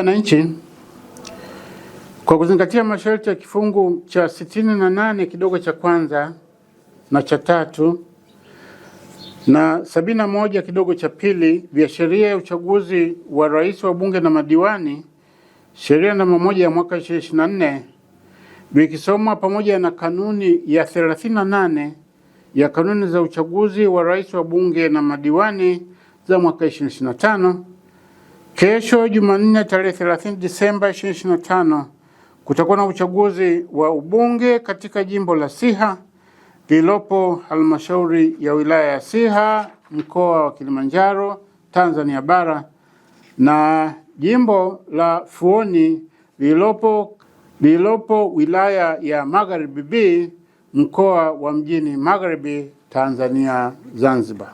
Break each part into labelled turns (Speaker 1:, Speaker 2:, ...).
Speaker 1: Wananchi, kwa kuzingatia masharti ya kifungu cha sitini na nane kidogo cha kwanza na cha tatu na sabini na moja kidogo cha pili vya sheria ya uchaguzi wa rais wa bunge na madiwani, sheria namba moja ya mwaka 2024 vikisomwa pamoja na kanuni ya 38 ya kanuni za uchaguzi wa rais wa bunge na madiwani za mwaka 2025 Kesho Jumanne tarehe 30 Disemba 2025 kutakuwa na uchaguzi wa ubunge katika jimbo la Siha lililopo halmashauri ya wilaya ya Siha mkoa wa Kilimanjaro Tanzania bara na jimbo la Fuoni lililopo lililopo wilaya ya Magharibi B mkoa wa mjini Magharibi Tanzania Zanzibar.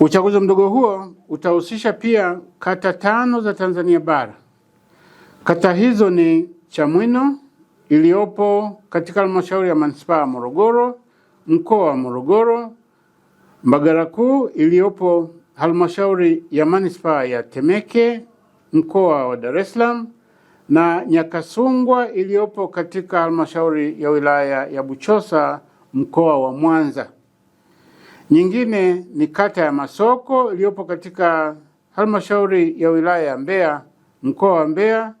Speaker 1: Uchaguzi mdogo huo utahusisha pia kata tano za Tanzania bara. Kata hizo ni Chamwino iliyopo katika halmashauri ya manispaa ya Morogoro, mkoa wa Morogoro, Mbagara Kuu iliyopo halmashauri ya manispaa ya Temeke, mkoa wa Dar es Salaam, na Nyakasungwa iliyopo katika halmashauri ya wilaya ya Buchosa, mkoa wa Mwanza. Nyingine ni kata ya Masoko iliyopo katika halmashauri ya wilaya ya Mbeya mkoa wa Mbeya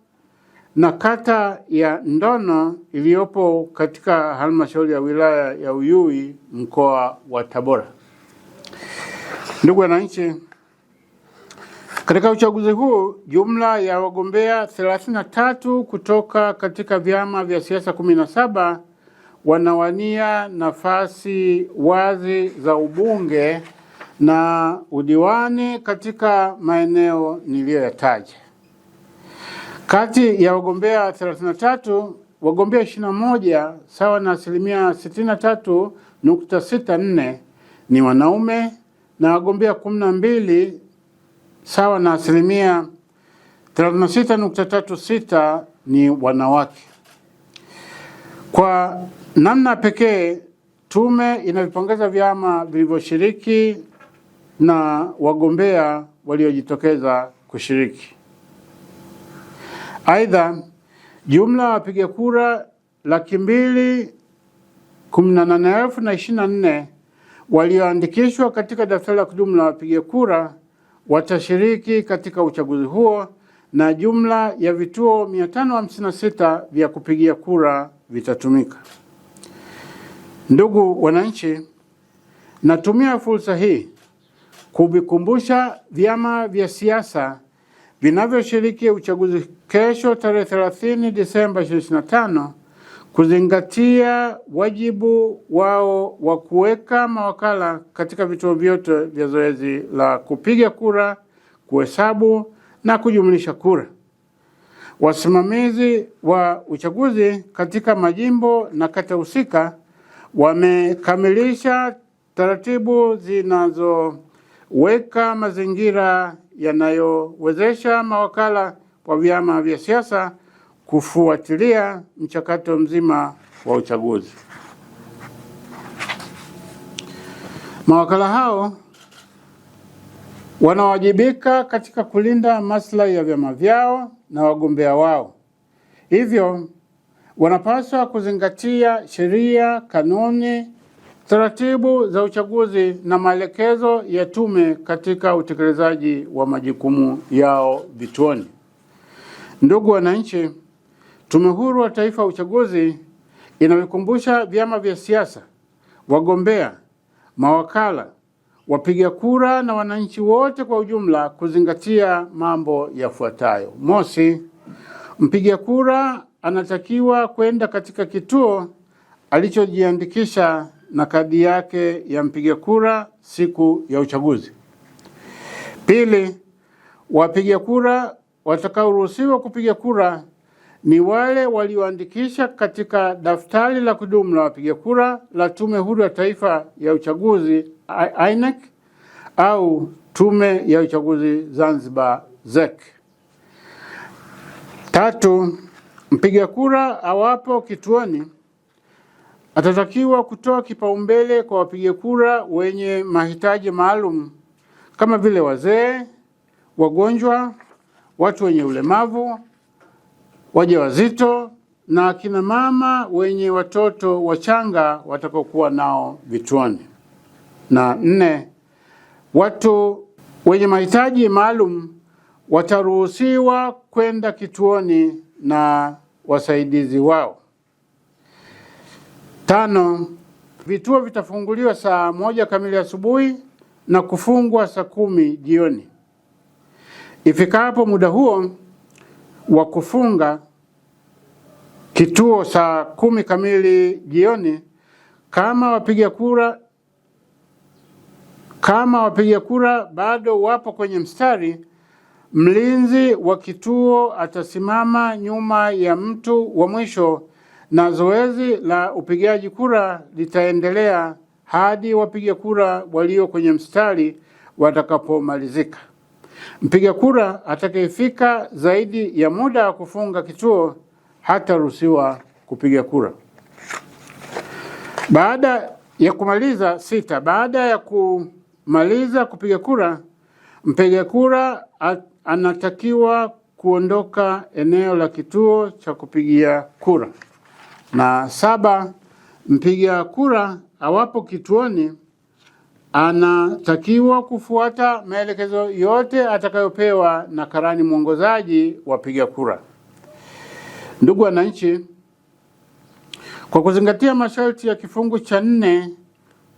Speaker 1: na kata ya Ndono iliyopo katika halmashauri ya wilaya ya Uyui mkoa wa Tabora. Ndugu wananchi, katika uchaguzi huu jumla ya wagombea 33 kutoka katika vyama vya siasa wanawania nafasi wazi za ubunge na udiwani katika maeneo niliyoyataja. Kati ya wagombea 33, wagombea 21 sawa na asilimia 63.64 ni wanaume na wagombea 12 sawa na asilimia 36.36 ni wanawake. Kwa Namna pekee tume inavipongeza vyama vilivyoshiriki na wagombea waliojitokeza kushiriki. Aidha, jumla ya wapiga kura laki mbili kumi na nane elfu na ishirini na nne walioandikishwa katika daftari la kudumu la wapiga kura watashiriki katika uchaguzi huo na jumla ya vituo 556 vya kupigia kura vitatumika. Ndugu wananchi, natumia fursa hii kuvikumbusha vyama vya siasa vinavyoshiriki uchaguzi kesho tarehe 30 Disemba 25 kuzingatia wajibu wao wa kuweka mawakala katika vituo vyote vya zoezi la kupiga kura, kuhesabu na kujumlisha kura. Wasimamizi wa uchaguzi katika majimbo na kata husika wamekamilisha taratibu zinazoweka mazingira yanayowezesha mawakala wa vyama vya siasa kufuatilia mchakato mzima wa uchaguzi. Mawakala hao wanawajibika katika kulinda maslahi ya vyama vyao na wagombea wao, hivyo wanapaswa kuzingatia sheria, kanuni, taratibu za uchaguzi na maelekezo ya tume katika utekelezaji wa majukumu yao vituoni. Ndugu wananchi, Tume Huru ya Taifa ya Uchaguzi inavikumbusha vyama vya siasa, wagombea, mawakala, wapiga kura na wananchi wote kwa ujumla kuzingatia mambo yafuatayo. Mosi, mpiga kura anatakiwa kwenda katika kituo alichojiandikisha na kadi yake ya mpiga kura siku ya uchaguzi. Pili, wapiga kura watakaoruhusiwa kupiga kura ni wale walioandikisha katika daftari la kudumu la wapiga kura la Tume Huru ya Taifa ya Uchaguzi INEC au Tume ya Uchaguzi Zanzibar ZEC. Tatu, Mpiga kura awapo kituoni atatakiwa kutoa kipaumbele kwa wapiga kura wenye mahitaji maalum kama vile wazee, wagonjwa, watu wenye ulemavu, wajawazito na akina mama wenye watoto wachanga watakaokuwa nao vituoni. Na nne, watu wenye mahitaji maalum wataruhusiwa kwenda kituoni na wasaidizi wao. Tano, vituo vitafunguliwa saa moja kamili asubuhi na kufungwa saa kumi jioni. Ifikapo muda huo wa kufunga kituo saa kumi kamili jioni, kama wapiga kura kama wapiga kura bado wapo kwenye mstari Mlinzi wa kituo atasimama nyuma ya mtu wa mwisho na zoezi la upigaji kura litaendelea hadi wapiga kura walio kwenye mstari watakapomalizika. Mpiga kura atakayefika zaidi ya muda wa kufunga kituo hataruhusiwa kupiga kura. Baada ya kumaliza sita, baada ya kumaliza kupiga kura mpiga kura at anatakiwa kuondoka eneo la kituo cha kupigia kura. Na saba, mpiga kura awapo kituoni anatakiwa kufuata maelekezo yote atakayopewa na karani mwongozaji wapiga kura. Ndugu wananchi, kwa kuzingatia masharti ya kifungu cha nne,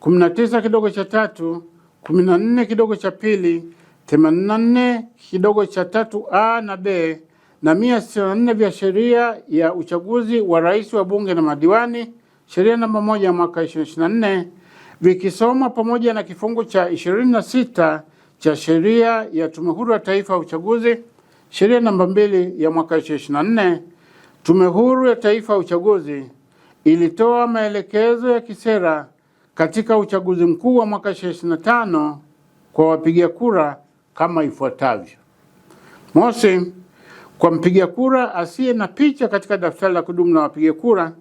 Speaker 1: kumi na tisa kidogo cha tatu, kumi na nne kidogo cha pili 84 kidogo cha tatu a na b na 164 vya sheria ya uchaguzi wa rais wa bunge na madiwani, sheria namba moja mwaka 2024 vikisoma pamoja na kifungu cha 26 cha sheria ya Tume Huru ya Taifa ya Uchaguzi, sheria namba mbili ya mwaka 2024. Tume Huru ya Taifa ya Uchaguzi ilitoa maelekezo ya kisera katika uchaguzi mkuu wa mwaka 2025 kwa wapiga kura kama ifuatavyo: mosi, kwa mpiga kura asiye na picha katika daftari la kudumu la wapiga kura,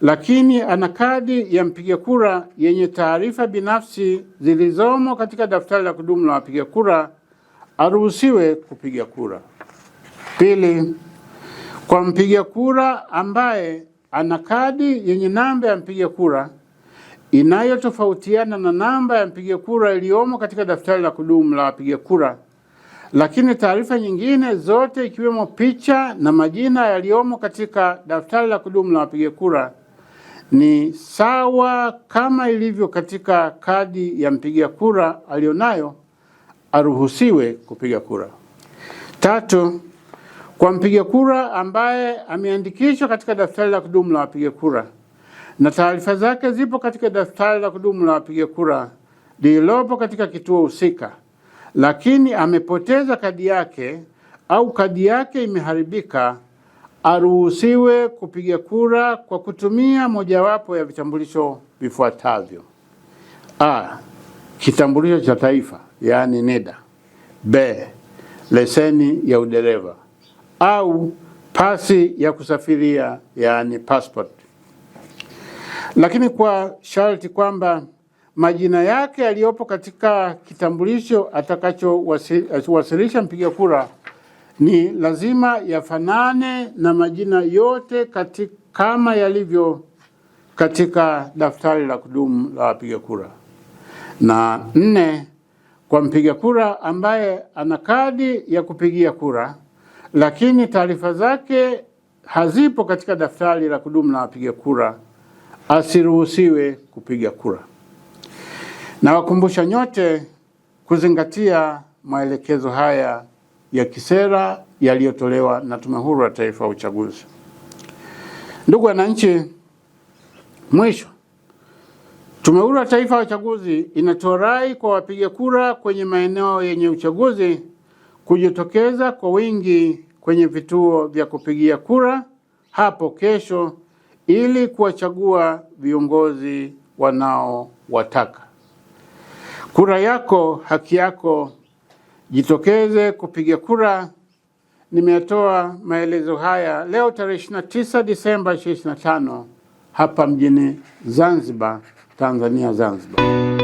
Speaker 1: lakini ana kadi ya mpiga kura yenye taarifa binafsi zilizomo katika daftari la kudumu la wapiga kura, aruhusiwe kupiga kura. Pili, kwa mpiga kura ambaye ana kadi yenye namba ya mpiga kura inayotofautiana na namba ya mpiga kura iliyomo katika daftari la kudumu la wapiga kura, lakini taarifa nyingine zote ikiwemo picha na majina yaliyomo katika daftari la kudumu la wapiga kura ni sawa kama ilivyo katika kadi ya mpiga kura aliyonayo, aruhusiwe kupiga kura. Tatu, kwa mpiga kura ambaye ameandikishwa katika daftari la kudumu la wapiga kura na taarifa zake zipo katika daftari la kudumu la wapiga kura lililopo katika kituo husika, lakini amepoteza kadi yake au kadi yake imeharibika, aruhusiwe kupiga kura kwa kutumia mojawapo ya vitambulisho vifuatavyo: A, kitambulisho cha taifa yaani NIDA; B, leseni ya udereva au pasi ya kusafiria yaani passport lakini kwa sharti kwamba majina yake yaliyopo katika kitambulisho atakachowasilisha mpiga kura ni lazima yafanane na majina yote katika, kama yalivyo katika daftari la kudumu la wapiga kura. Na nne, kwa mpiga kura ambaye ana kadi ya kupigia kura lakini taarifa zake hazipo katika daftari la kudumu la wapiga kura asiruhusiwe kupiga kura. Nawakumbusha nyote kuzingatia maelekezo haya ya kisera yaliyotolewa na Tume Huru ya Taifa ya Uchaguzi. Ndugu wananchi, mwisho, Tume Huru ya Taifa ya Uchaguzi inatoa rai kwa wapiga kura kwenye maeneo yenye uchaguzi kujitokeza kwa wingi kwenye vituo vya kupigia kura hapo kesho ili kuwachagua viongozi wanaowataka. Kura yako haki yako, jitokeze kupiga kura. Nimeyatoa maelezo haya leo tarehe 29 Disemba 25 hapa mjini Zanzibar, Tanzania, Zanzibar.